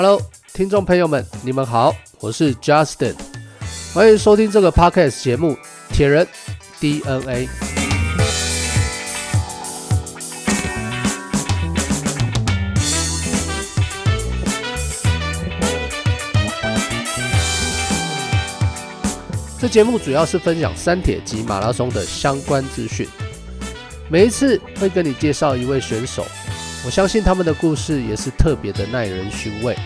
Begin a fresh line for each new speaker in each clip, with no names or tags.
Hello，聽眾朋友們，你們好，我是 Justin，歡迎收聽這個 Podcast 節目《鐵人 DNA》。這節目主要是分享三鐵及馬拉松的相關資訊，每一次會跟你介紹一位選手，我相信他們的故事也是特別的耐人尋味。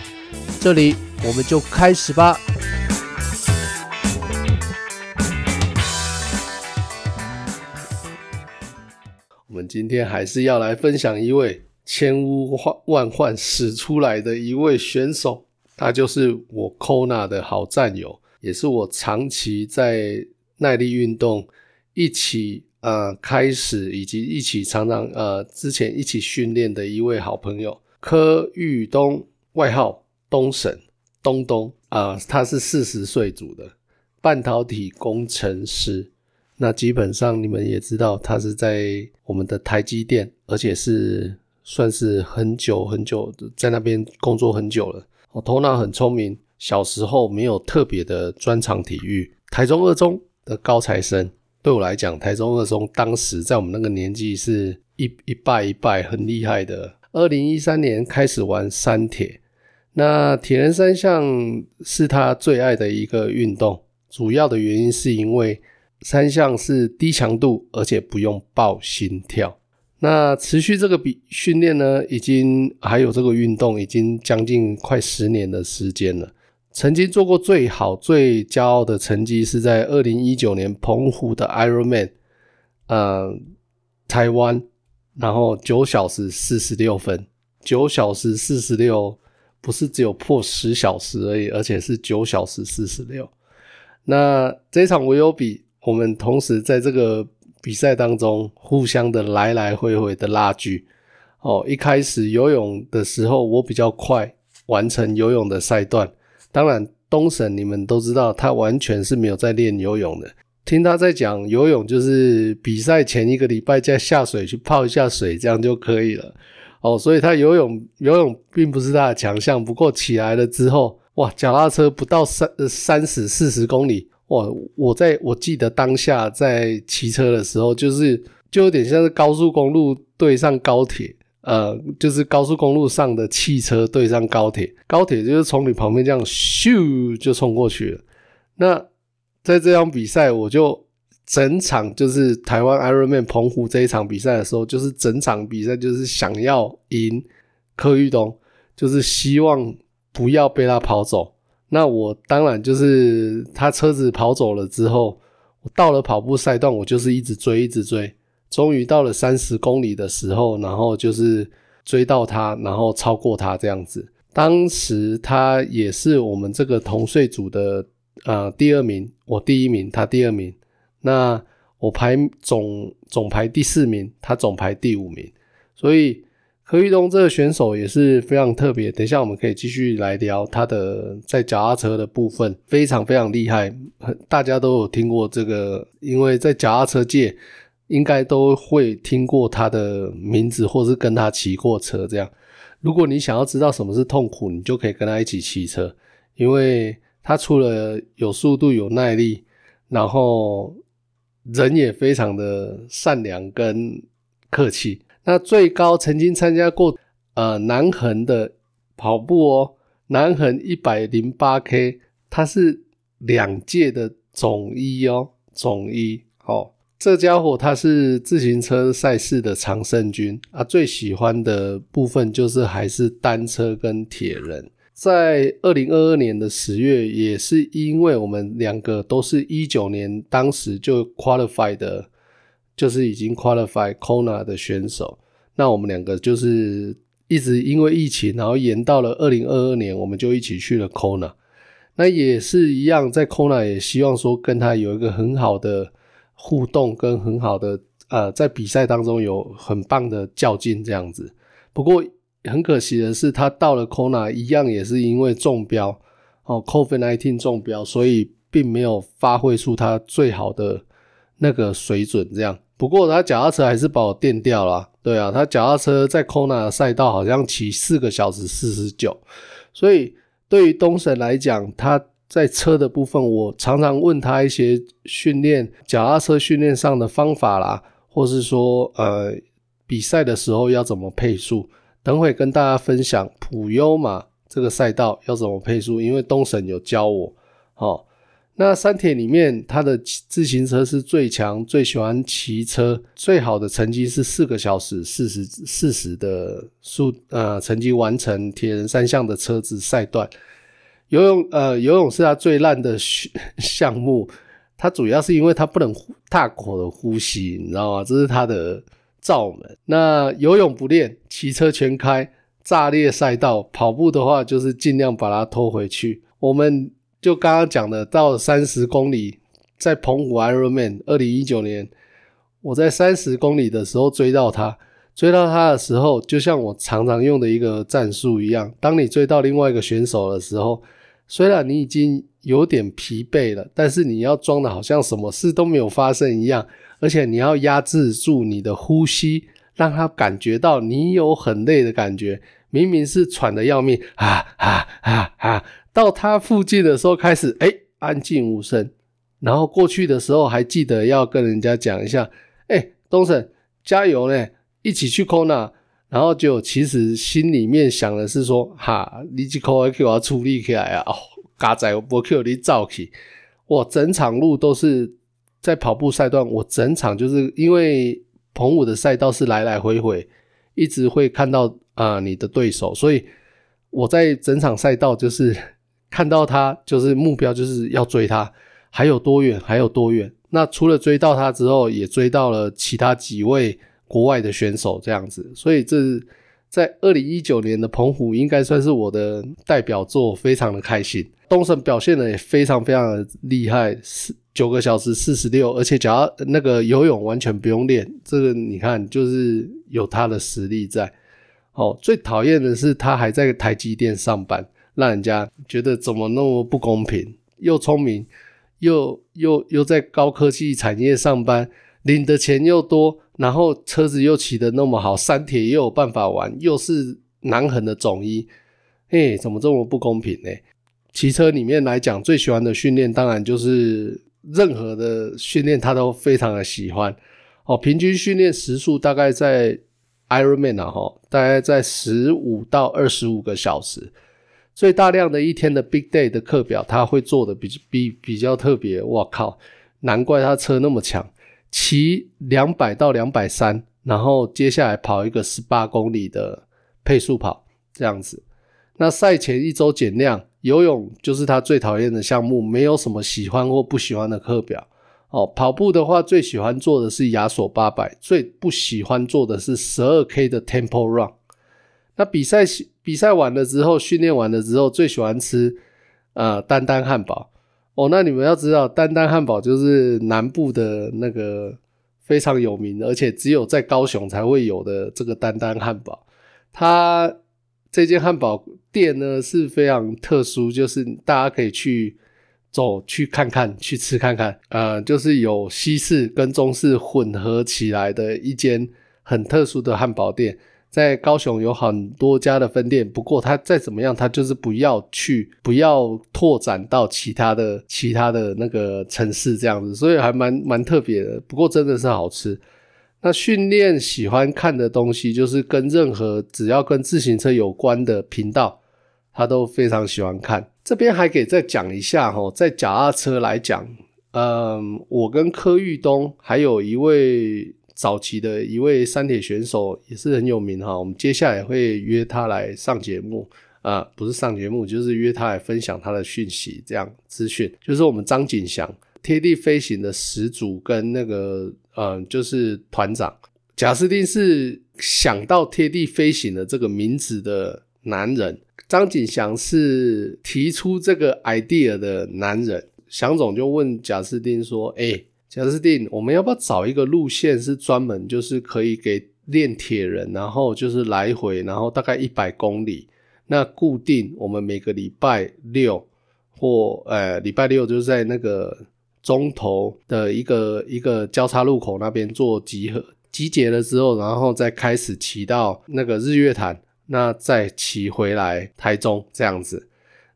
這裡我們就開始吧。我們今天還是要來分享一位千呼萬喚始出來的一位選手，他就是我 Kona 的好戰友，也是我長期在耐力運動一起呃開始以及一起常常呃之前一起訓練的一位好朋友柯俞東，外號。車神東東啊，他是四十歲組的半導體工程師。那基本上你們也知道，他是在我們的台積電，而且是算是很久很久在那邊工作很久了。我頭腦很聰明，小時候沒有特別的專長，體育。台中二中的高材生，對我來講，台中二中當時在我們那個年紀是一一霸一霸，很厲害的。二零一三年開始玩三鐵。那鐵人三項是他最愛的一個運動，主要的原因是因為三項是低強度，而且不用爆心跳。那持續這個比訓練呢，已經還有這個運動已經將近快十年的時間了。曾經做過最好最驕傲的成績是在二零一九年澎湖的 Ironman，嗯、呃，台灣，然後九小時四十六分，九小時四十六。不是只有破十小時而已，而且是九小時四十六。那這場唯有比，我們同時在這個比賽當中互相的來來回回的拉鋸。哦，一開始游泳的時候我比較快完成游泳的賽段，當然東神你們都知道，他完全是沒有在練游泳的。聽他在講游泳，就是比賽前一個禮拜再下水去泡一下水，這樣就可以了。哦，所以他游泳游泳並不是他的強項，不過起來了之後，哇，腳踏車不到三三十四十公里，哇，我在我記得當下在騎車的時候，就是就有點像是高速公路對上高鐵，呃，就是高速公路上的汽車對上高鐵，高鐵就是從你旁邊這樣咻就衝過去了。那在這場比賽，我就。整場就是台灣 Ironman 澎湖這一場比賽的時候，就是整場比賽就是想要贏柯俞東，就是希望不要被他跑走。那我當然就是他車子跑走了之後，我到了跑步賽段，我就是一直追，一直追，終於到了三十公里的時候，然後就是追到他，然後超過他這樣子。當時他也是我們這個同歲組的啊，呃，第二名，我第一名，他第二名。那我排總總排第四名，他總排第五名，所以柯俞東這個選手也是非常特別。等一下我們可以繼續來聊他的在腳踏車的部分，非常非常厲害，大家都有聽過這個，因為在腳踏車界應該都會聽過他的名字，或是跟他騎過車這樣。如果你想要知道什麼是痛苦，你就可以跟他一起騎車，因為他除了有速度、有耐力，然後人也非常的善良跟客氣。那最高曾經參加過呃南橫的跑步哦，南橫一百零八 K，他是兩屆的總一哦，總一哦，這家伙他是自行車賽事的常勝軍啊，最喜歡的部分就是還是單車跟鐵人。在二零二二年的十月，也是因為我們兩個都是一九年當時就 qualify 的，就是已經 qualify Kona 的選手，那我們兩個就是一直因為疫情，然後延到了二零二二年，我們就一起去了 Kona。那也是一樣，在 Kona 也希望說跟他有一個很好的互動，跟很好的呃，在比賽當中有很棒的較勁這樣子。不過。很可惜的是，他到了 Kona 一樣也是因為中標哦，COVID 19中標，所以並沒有發揮出他最好的那個水準。這樣，不過他腳踏車還是把我墊掉了。對啊，他腳踏車在 Kona 賽道好像騎四個小時四十九，所以對於東神來講，他在車的部分，我常常問他一些訓練腳踏車訓練上的方法啦，或是說呃比賽的時候要怎麼配速。等會跟大家分享普悠瑪這個賽道要怎麼配速，因為東神有教我。好、哦，那三鐵裡面他的自行車是最強，最喜歡騎車，最好的成績是四個小時四十四十的速呃成績完成鐵人三項的車子賽段。游泳呃游泳是他最爛的項目，他主要是因為他不能大口的呼吸，你知道嗎？這是他的。罩門。那游泳不練，騎車全開，炸裂賽道。跑步的話，就是盡量把它拖回去。我們就剛剛講的，到三十公里，在澎湖 Ironman，二零一九年，我在三十公里的時候追到他，追到他的時候，就像我常常用的一個戰術一樣，當你追到另外一個選手的時候，雖然你已經有點疲憊了，但是你要裝得好像什麼事都沒有發生一樣。而且你要壓制住你的呼吸，讓他感覺到你有很累的感覺。明明是喘得要命哈哈哈哈，到他附近的時候開始，哎、欸，安靜無聲。然後過去的時候，還記得要跟人家講一下，哎、欸，東審加油呢，一起去 c o n a。然後就其實心裡面想的是說，哈，你去 c o n a，我要出理起來啊！哦，嘎仔，我 Kona 造哇，整場路都是。在跑步賽段，我整場就是因為澎湖的賽道是來來回回，一直會看到啊、呃、你的對手，所以我在整場賽道就是看到他，就是目標就是要追他，還有多遠還有多遠？那除了追到他之後，也追到了其他幾位國外的選手這樣子，所以這在二零一九年的澎湖應該算是我的代表作，非常的開心。東神表現得也非常非常的厲害，是。九個小時四十六，而且只要那個游泳完全不用練，這個你看就是有他的實力在。哦，最討厭的是他還在台積電上班，讓人家覺得怎麼那麼不公平？又聰明，又又又在高科技產業上班，領的錢又多，然後車子又騎得那麼好，三鐵也有辦法玩，又是南橫的總醫，嘿，怎麼這麼不公平呢？騎車裡面來講，最喜歡的訓練當然就是。任何的訓練他都非常的喜歡，哦，平均訓練時數大概在 Ironman 啊，大概在十五到二十五個小時。最大量的一天的 Big Day 的課表他會做的比比比較特別，我靠，難怪他車那麼強，騎兩百到兩百三，然後接下來跑一個十八公里的配速跑，這樣子。那賽前一周減量。游泳就是他最討厭的項目，沒有什麼喜歡或不喜歡的課表。哦，跑步的話，最喜歡做的是亞索八百，最不喜歡做的是十二 K 的 tempo run。那比賽比賽完了之後，訓練完了之後，最喜歡吃呃丹丹漢堡。哦，那你們要知道，丹丹漢堡就是南部的那個非常有名，而且只有在高雄才會有的這個丹丹漢堡。它。這間漢堡店呢，是非常特殊，就是大家可以去走去看看，去吃看看，呃，就是有西式跟中式混合起來的一間很特殊的漢堡店，在高雄有很多家的分店，不過它再怎麼樣，它就是不要去，不要拓展到其他的、其他的那個城市這樣子，所以還蠻蠻特別的。不過真的是好吃。那訓練喜歡看的東西，就是跟任何只要跟自行車有關的頻道，他都非常喜歡看。這邊還可以再講一下哈、哦，在腳踏車來講，嗯，我跟柯俞東，還有一位早期的一位三鐵選手也是很有名哈、哦。我們接下來會約他來上節目啊，不是上節目，就是約他來分享他的訊息，這樣資訊就是我們張景祥貼地飛行的始祖跟那個。嗯，就是團長賈斯汀是想到“貼地飛行”的這個名字的男人，張景祥是提出這個 idea 的男人。祥總就問賈斯汀說：“哎、欸，賈斯汀，我們要不要找一個路線，是專門就是可以給練鐵人，然後就是來回，然後大概一百公里，那固定我們每個禮拜六或呃禮拜六就在那個。”中投的一個一個交叉路口那邊做集合集結了之後，然後再開始騎到那個日月潭，那再騎回來台中這樣子。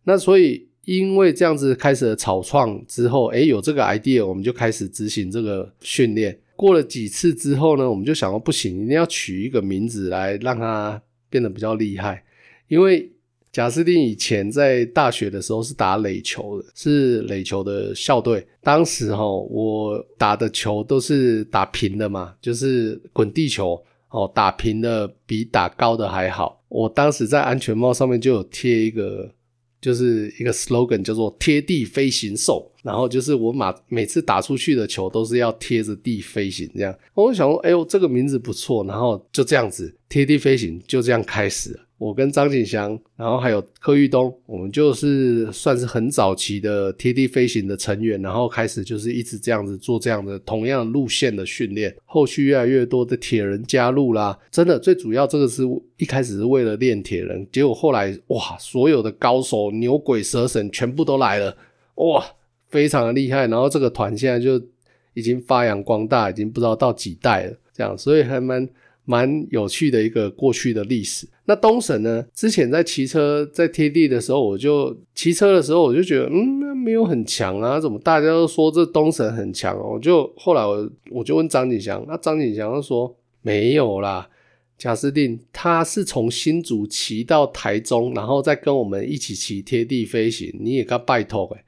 那所以因為這樣子開始了草創之後，誒，有這個 idea，我們就開始執行這個訓練。過了幾次之後呢，我們就想說不行，一定要取一個名字來讓它變得比較厲害，因為。賈斯汀以前在大學的時候是打壘球的，是壘球的校隊。當時哈，我打的球都是打平的嘛，就是滾地球哦，打平的比打高的還好。我當時在安全帽上面就有貼一個，就是一個 slogan，叫做“貼地飛行獸”。然後就是我馬每次打出去的球都是要貼着地飛行，這樣我想說，哎呦、欸，我這個名字不錯。然後就這樣子，貼地飛行就這樣開始了。我跟張景祥，然後還有柯俞東，我們就是算是很早期的貼地飛行的成員，然後開始就是一直這樣子做這樣的同樣的路線的訓練。後續越來越多的鐵人加入啦，真的最主要這個是一開始是為了練鐵人，結果後來哇，所有的高手牛鬼蛇神全部都來了，哇，非常的厲害。然後這個團現在就已經發揚光大，已經不知道到幾代了，這樣，所以他們蠻有趣的一個過去的歷史。那東神呢？之前在騎車在貼地的時候，我就騎車的時候我就覺得，嗯，沒有很強啊，怎麼大家都說這東神很強喔？我就後來我我就問張景祥，那、啊、張景祥就說沒有啦。賈斯汀他是從新竹騎到台中，然後再跟我們一起騎貼地飛行，你也該拜托哎、欸，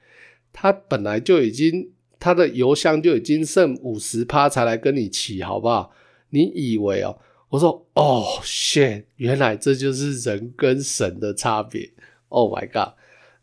他本來就已經他的油箱就已經剩五十趴才來跟你騎，好不好？你以為哦、喔？我說哦、shit，原來這就是人跟神的差別。Oh my god！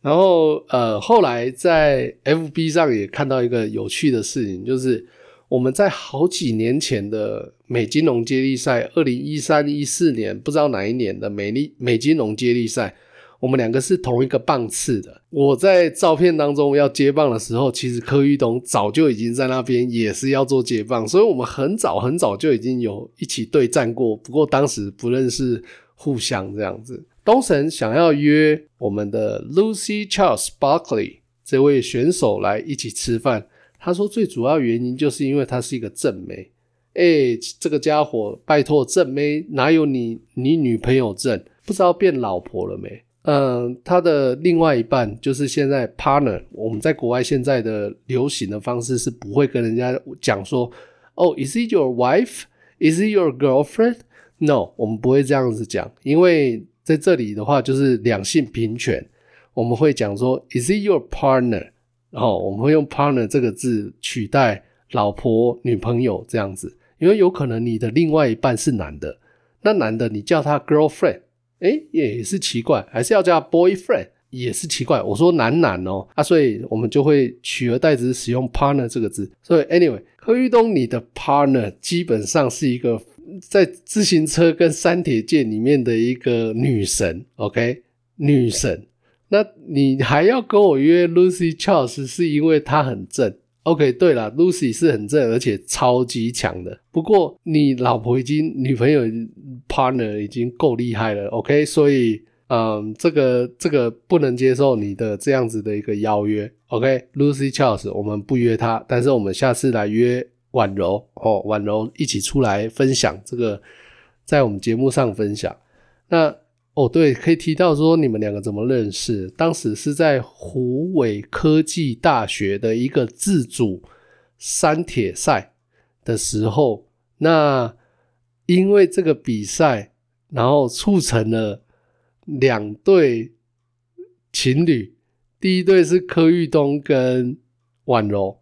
然後呃，後來在 FB 上也看到一個有趣的事情，就是我們在好幾年前的美金融接力賽，二零一三一四年，不知道哪一年的美利美金融接力賽。我們兩個是同一個棒次的。我在照片當中要接棒的時候，其實柯俞東早就已經在那邊，也是要做接棒，所以我們很早很早就已經有一起對戰過。不過當時不認識，互相這樣子。東神想要約我們的 Lucy Charles Barclay 這位選手來一起吃飯。他說最主要原因就是因為他是一個正妹。哎，這個家伙，拜托正妹哪有你你女朋友正？不知道變老婆了沒？嗯、呃，他的另外一半就是現在 partner。我們在國外現在的流行的方式是不會跟人家講說，哦、oh，is it your wife？is it your girlfriend？No，我們不會這樣子講，因為在這裡的話就是兩性平權，我們會講說 is it your partner？然後我們會用 partner 這個字取代老婆、女朋友這樣子，因為有可能你的另外一半是男的，那男的你叫他 girlfriend。誒，也是奇怪，還是要叫 boyfriend，也是奇怪。我說男男哦，啊，所以我們就會取而代之使用 partner 這個字。所以 anyway，柯俞東，你的 partner 基本上是一個在自行車跟三鐵界裡面的一個女神，OK 女神。那你還要跟我約 Lucy Charles，是因為她很正。OK，對了，Lucy 是很正，而且超級強的。不過你老婆已經女朋友 partner 已經夠厲害了。OK，所以嗯，這個這個不能接受你的這樣子的一個邀約。OK，Lucy Charles，我們不約她，但是我們下次來約婉柔哦，婉柔一起出來分享這個，在我們節目上分享。那。哦，對，可以提到說你們兩個怎麼認識？當時是在虎尾科技大學的一個自主三鐵賽的時候，那因為這個比賽，然後促成了兩對情侶。第一對是柯俞東跟婉柔，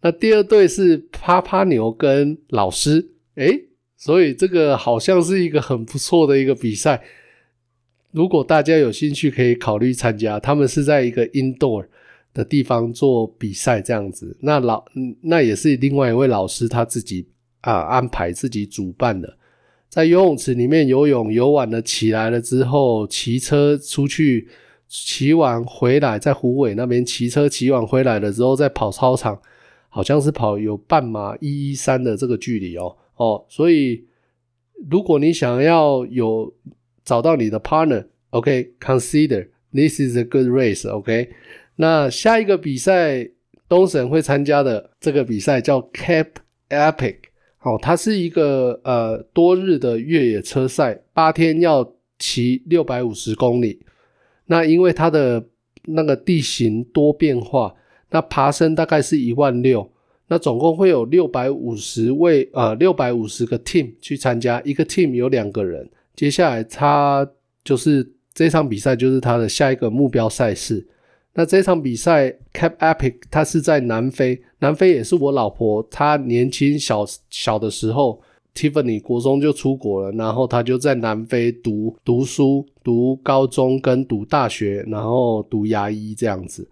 那第二對是趴趴牛跟老師。誒，所以這個好像是一個很不錯的一個比賽。如果大家有興趣，可以考慮參加。他們是在一個 indoor 的地方做比賽這樣子。那老，那也是另外一位老師他自己啊安排自己主辦的，在游泳池裡面游泳游完了起來了之後，騎車出去，騎完回來，在虎尾那邊騎車騎完回來了之後再跑操場，好像是跑有半馬一一三的這個距離哦哦。所以如果你想要有。找到你的 partner，OK？Consider、okay? this is a good race，OK？、Okay? 那下一個比賽，東東會參加的這個比賽叫 Cape Epic，哦，它是一個呃多日的越野車賽，八天要騎六百五十公里。那因為它的那個地形多變化，那爬升大概是一萬六，那總共會有六百五十位呃六百五十個 team 去參加，一個 team 有兩個人。接下來，他就是這場比賽，就是他的下一個目標賽事。那這場比賽，Cape Epic，他是在南非。南非也是我老婆，她年輕小小的時候，Tiffany 國中就出國了，然後她就在南非讀讀書、讀高中跟讀大學，然後讀牙醫這樣子。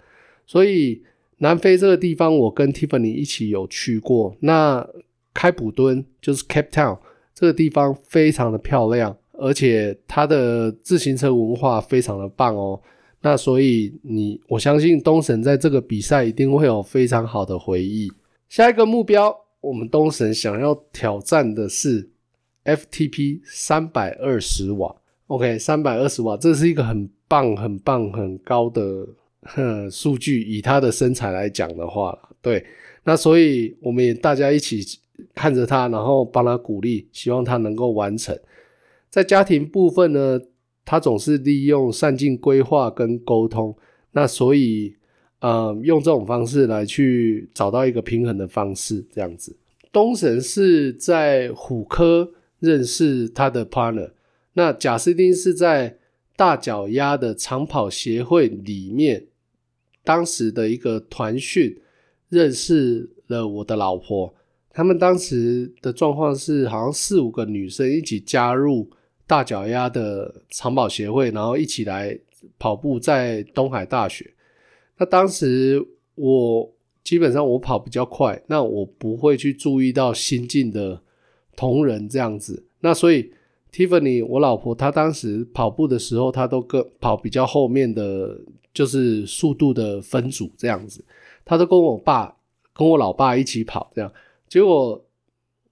所以，南非這個地方，我跟 Tiffany 一起有去過。那開普敦就是 Cape Town 這個地方，非常的漂亮。而且他的自行車文化非常的棒哦，那所以你我相信東神在這個比賽一定會有非常好的回憶。下一個目標，我們東神想要挑戰的是 FTP 三百二十瓦。OK，三百二十瓦，這是一個很棒、很棒、很高的哼數據。以他的身材來講的話，對，那所以我們也大家一起看着他，然後幫他鼓勵，希望他能夠完成。在家庭部分呢，他總是利用善盡規劃跟溝通，那所以，呃，用這種方式來去找到一個平衡的方式，這樣子。東神是在虎科認識他的 partner，那賈斯汀是在大腳丫的長跑協會裡面，當時的一個團訓認識了我的老婆。他們當時的狀況是，好像四五個女生一起加入。大腳丫的長跑協會，然後一起來跑步，在東海大學。那當時我基本上我跑比較快，那我不會去注意到新進的同仁這樣子。那所以，Tiffany，我老婆她當時跑步的時候，她都跟跑比較後面的，就是速度的分組這樣子，她都跟我爸跟我老爸一起跑，這樣。結果。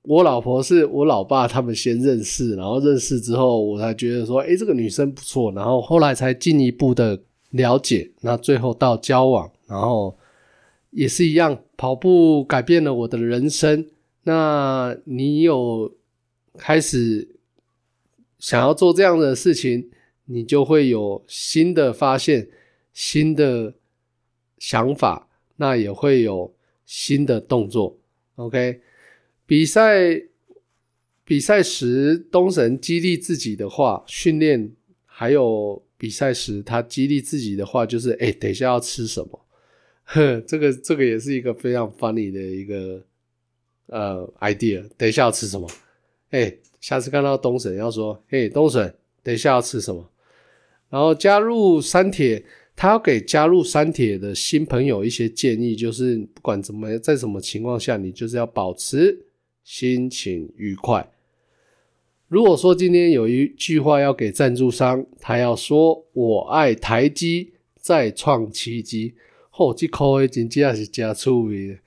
我老婆是我老爸他們先認識，然後認識之後，我才覺得說，誒，這個女生不錯，然後後來才進一步的了解，那最後到交往，然後也是一樣，跑步改變了我的人生。那你有開始想要做這樣的事情，你就會有新的發現，新的想法，那也會有新的動作。OK。比賽比賽時，東神激勵自己的話；訓練還有比賽時，他激勵自己的話就是：“哎、欸，等一下要吃什麼？”呵這個這個也是一個非常 funny 的一個呃 idea。等一下要吃什麼？哎、欸，下次看到東神要說：“嘿、欸，東神，等一下要吃什麼？”然後加入三鐵，他要給加入三鐵的新朋友一些建議，就是不管怎麼在什麼情況下，你就是要保持。心情愉快。如果說今天有一句話要給贊助商，他要說：“我愛台積，再創奇迹。”哦，這塊的真的是很出名。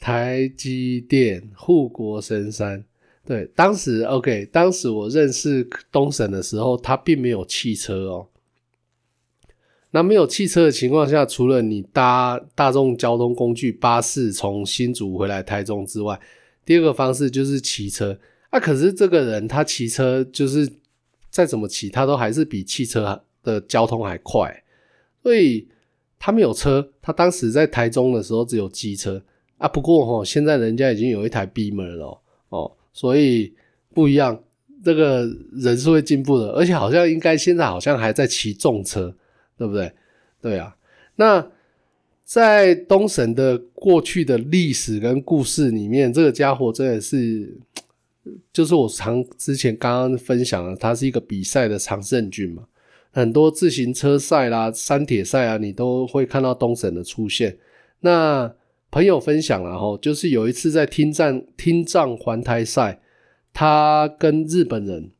台積電護國神山。對，當時 OK，當時我認識東神的時候，他並沒有汽車哦。那沒有汽車的情況下，除了你搭大眾交通工具巴士從新竹回來台中之外，第二個方式就是騎車啊，可是這個人他騎車就是再怎麼騎，他都還是比汽車的交通還快。所以他沒有車，他當時在台中的時候只有機車啊。不過齁，現在人家已經有一台 Bimmer 了哦，喔喔，所以不一樣。這個人是會進步的，而且好像應該現在好像還在騎重車，對不對？對啊，那。在東神的過去的歷史跟故事裡面，這個家伙真的是，就是我常之前剛剛分享了，他是一個比賽的常勝軍嘛。很多自行車賽啦、啊、三鐵賽啊，你都會看到東神的出現。那朋友分享了齁，就是有一次在聽障聽障環台賽，他跟日本人，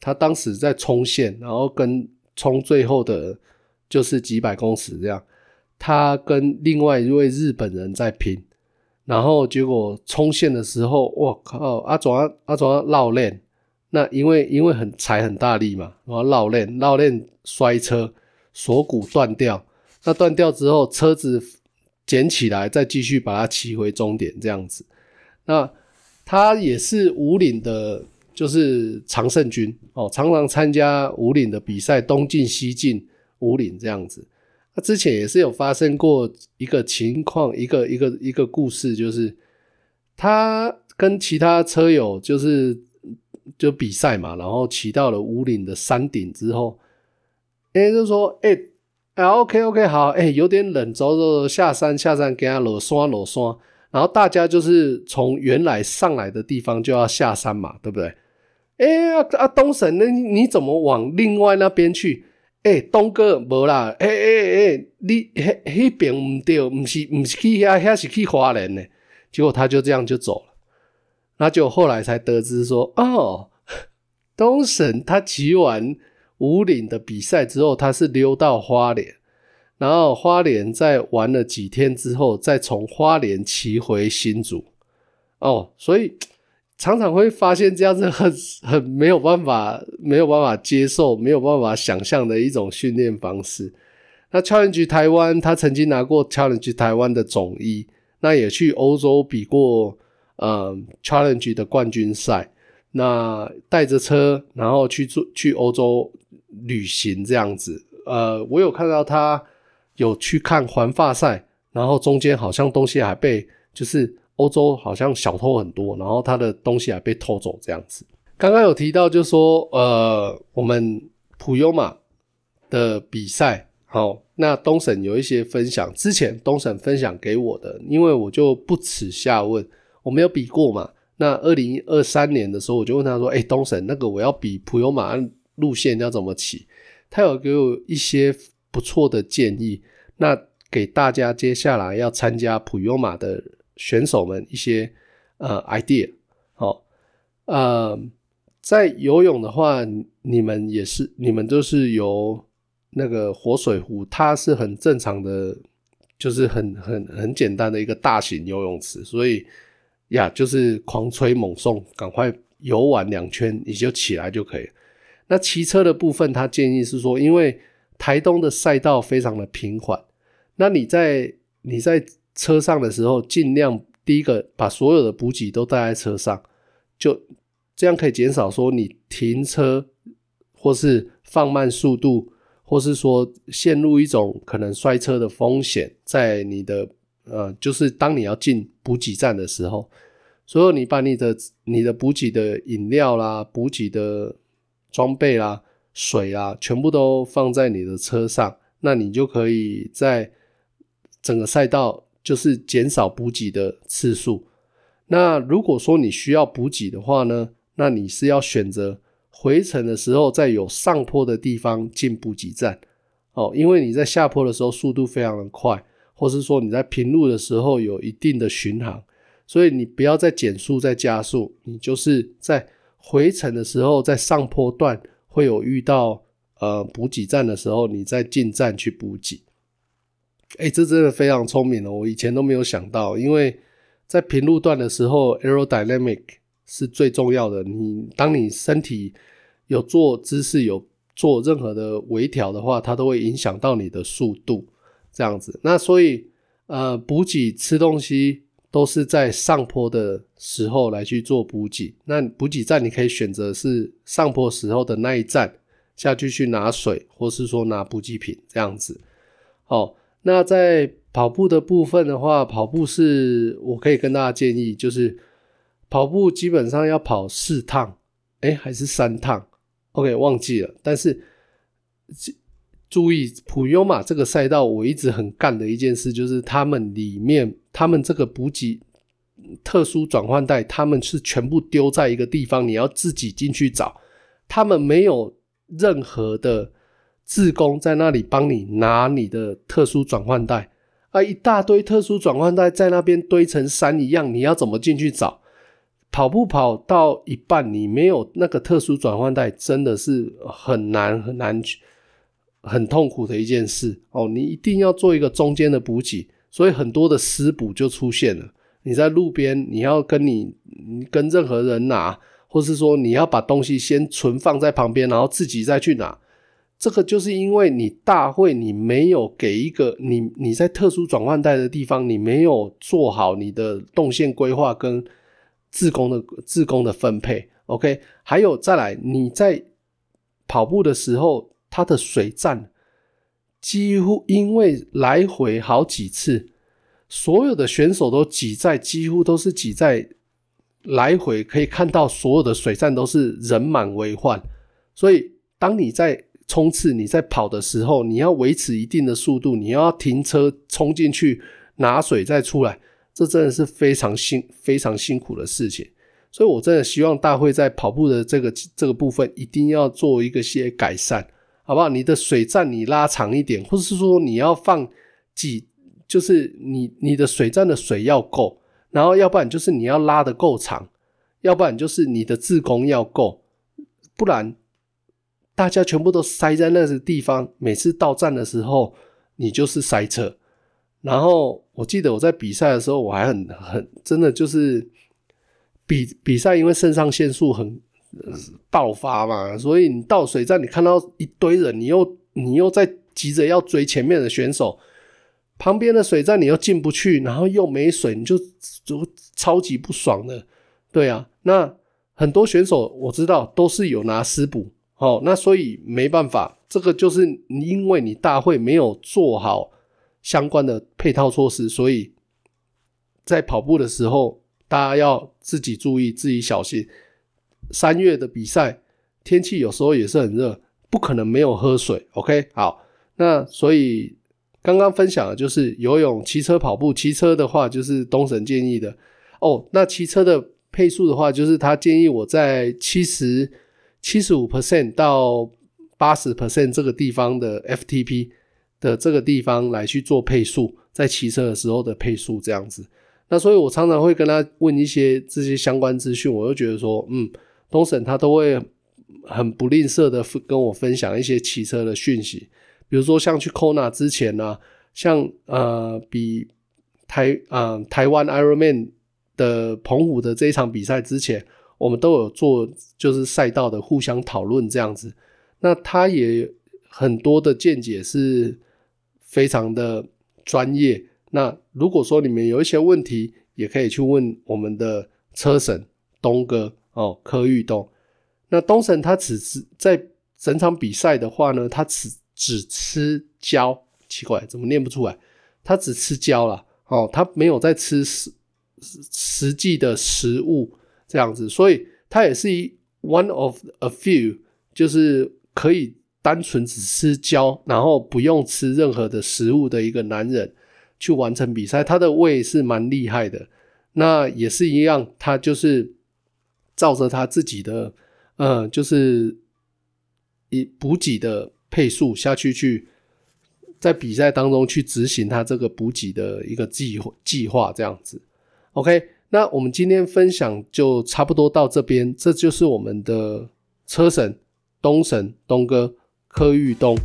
他當時在衝線，然後跟衝最後的，就是幾百公尺這樣。他跟另外一位日本人在拼，然後結果衝線的時候，我靠！阿卓阿阿卓繞鏈，那因為因為很踩很大力嘛，然後繞鏈繞鏈摔車，鎖骨斷掉。那斷掉之後，車子撿起來，再繼續把它騎回終點這樣子。那他也是武嶺的，就是常勝軍哦，常常參加武嶺的比賽，東進西進武嶺這樣子。他之前也是有發生過一個情況，一個一個一個故事，就是他跟其他車友就是就比賽嘛，然後騎到了武嶺的山頂之後，誒、欸，就說誒、欸，啊，OK OK，好，誒、欸，有點冷，走走走，下山下山,下山，給他裸刷裸刷，然後大家就是從原來上來的地方就要下山嘛，對不對？誒、欸，啊東神，那你怎麼往另外那邊去？誒、欸，東哥，無啦，誒，誒，誒，你迄那邊唔對，唔是唔是去遐遐，是去花蓮呢。結果他就這樣就走了，那就後來才得知說，哦，東神他騎完武嶺的比賽之後，他是溜到花蓮，然後花蓮再玩了幾天之後，再從花蓮騎回新竹。哦，所以。常常會發現這樣子很很沒有辦法、沒有辦法接受、沒有辦法想象的一種訓練方式。那 Challenge 台灣，他曾經拿過 Challenge 台灣的總一，那也去歐洲比過，嗯、呃，Challenge 的冠軍賽。那帶着車，然後去去歐洲旅行這樣子。呃，我有看到他有去看環法賽，然後中間好像東西還被就是。歐洲好像小偷很多，然後他的東西還被偷走這樣子。剛剛有提到就是，就說呃，我們普悠瑪的比賽，好、哦，那東神有一些分享，之前東神分享給我的，因為我就不恥下問，我沒有比過嘛。那二零二三年的時候，我就問他說：“哎、欸，東神那個我要比普悠瑪路線要怎麼騎？他有給我一些不錯的建議。那給大家接下來要參加普悠瑪的。選手們一些呃 idea，哦，呃，在游泳的話，你們也是，你們都是游那個活水湖，它是很正常的，就是很很很簡單的一個大型游泳池，所以呀，就是狂吹猛送，趕快游完兩圈你就起來就可以了。那騎車的部分，他建議是說，因為台東的賽道非常的平緩，那你在你在。車上的時候，盡量第一個把所有的補給都帶在車上，就這樣可以減少說你停車或是放慢速度，或是說陷入一種可能摔車的風險。在你的呃，就是當你要進補給站的時候，所以你把你的你的補給的飲料啦、補給的裝備啦、水啊，全部都放在你的車上，那你就可以在整個賽道。就是減少補給的次數。那如果說你需要補給的話呢，那你是要選擇回程的時候，在有上坡的地方進補給站哦，因為你在下坡的時候速度非常的快，或是說你在平路的時候有一定的巡航，所以你不要再減速再加速，你就是在回程的時候在上坡段會有遇到呃補給站的時候，你再進站去補給。哎、欸，這真的非常聰明了，哦，我以前都沒有想到。因為在平路段的時候，aerodynamic 是最重要的。你當你身體有做姿勢，有做任何的微調的話，它都會影響到你的速度這樣子。那所以，呃，補給吃東西都是在上坡的時候來去做補給。那補給站你可以選擇是上坡時候的那一站下去去拿水，或是說拿補給品這樣子。哦。那在跑步的部分的話，跑步是我可以跟大家建議，就是跑步基本上要跑四趟，哎，還是三趟？OK，忘記了。但是注意普悠瑪這個賽道，我一直很幹的一件事就是，他們裡面他們這個補給特殊轉換帶，他們是全部丟在一個地方，你要自己進去找，他們沒有任何的。志工在那裡幫你拿你的特殊轉換袋啊，一大堆特殊轉換袋在那邊堆成山一樣，你要怎麼進去找？跑步跑到一半，你沒有那個特殊轉換袋，真的是很難很難，很痛苦的一件事哦。你一定要做一個中間的補給，所以很多的私補就出現了。你在路邊，你要跟你你跟任何人拿，或是說你要把東西先存放在旁邊，然後自己再去拿。這個就是因為你大會，你沒有給一個你你在特殊轉換帶的地方，你沒有做好你的動線規劃跟志工的志工的分配。OK，還有再來，你在跑步的時候，它的水站幾乎因為來回好幾次，所有的選手都擠在幾乎都是擠在來回可以看到，所有的水站都是人滿為患，所以當你在衝刺！你在跑的時候，你要維持一定的速度，你要停車衝進去拿水再出來，這真的是非常辛非常辛苦的事情。所以，我真的希望大會在跑步的這個這個部分一定要做一個些改善，好不好？你的水站你拉長一點，或者是說你要放幾，就是你你的水站的水要夠，然後要不然就是你要拉得夠長，要不然就是你的志工要夠，不然。大家全部都塞在那個地方，每次到站的時候，你就是塞車。然後我記得我在比賽的時候，我還很很真的就是比比賽，因為腎上腺素很、呃、爆發嘛，所以你到水站，你看到一堆人，你又你又在急着要追前面的選手，旁邊的水站你又進不去，然後又沒水，你就就超級不爽的。對啊，那很多選手我知道都是有拿私補。哦，那所以沒辦法，這個就是你，因為你大會沒有做好相關的配套措施，所以，在跑步的時候，大家要自己注意，自己小心。三月的比賽天氣有時候也是很熱，不可能沒有喝水。OK，好，那所以剛剛分享的就是游泳、騎車、跑步。騎車的話，就是東神建議的。哦，那騎車的配速的話，就是他建議我在七十，七十五 percent 到八十 percent 這個地方的 FTP 的這個地方來去做配速，在騎車的時候的配速這樣子。那所以，我常常會跟他問一些這些相關資訊，我就覺得說，嗯，東神他都會很不吝嗇的跟我分享一些騎車的訊息，比如說像去 Kona 之前呢、啊，像呃，比台呃台灣 Ironman 的澎湖的這一場比賽之前。我們都有做，就是賽道的互相討論這樣子。那他也很多的見解是非常的專業。那如果說你們有一些問題，也可以去問我們的車神東哥哦，柯俞東。那東神他只是在整場比賽的話呢，他只只吃膠，奇怪怎麼念不出來？他只吃膠了哦，他沒有在吃實實際的食物。這樣子，所以他也是一 one of a few，就是可以單純只吃膠，然後不用吃任何的食物的一個男人，去完成比賽。他的胃是蠻厲害的，那也是一樣，他就是照着他自己的，嗯、呃、就是以補給的配速下去去，在比賽當中去執行他這個補給的一個計計劃這樣子。OK。那我們今天分享就差不多到這邊，這就是我們的車神東神東哥柯俞東，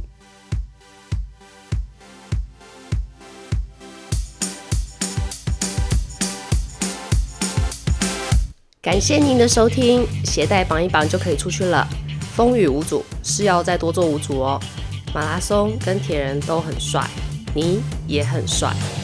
感謝您的收聽，鞋帶綁一綁就可以出去了，風雨無阻，是要再多做五組哦，馬拉松跟鐵人都很帥，你也很帥。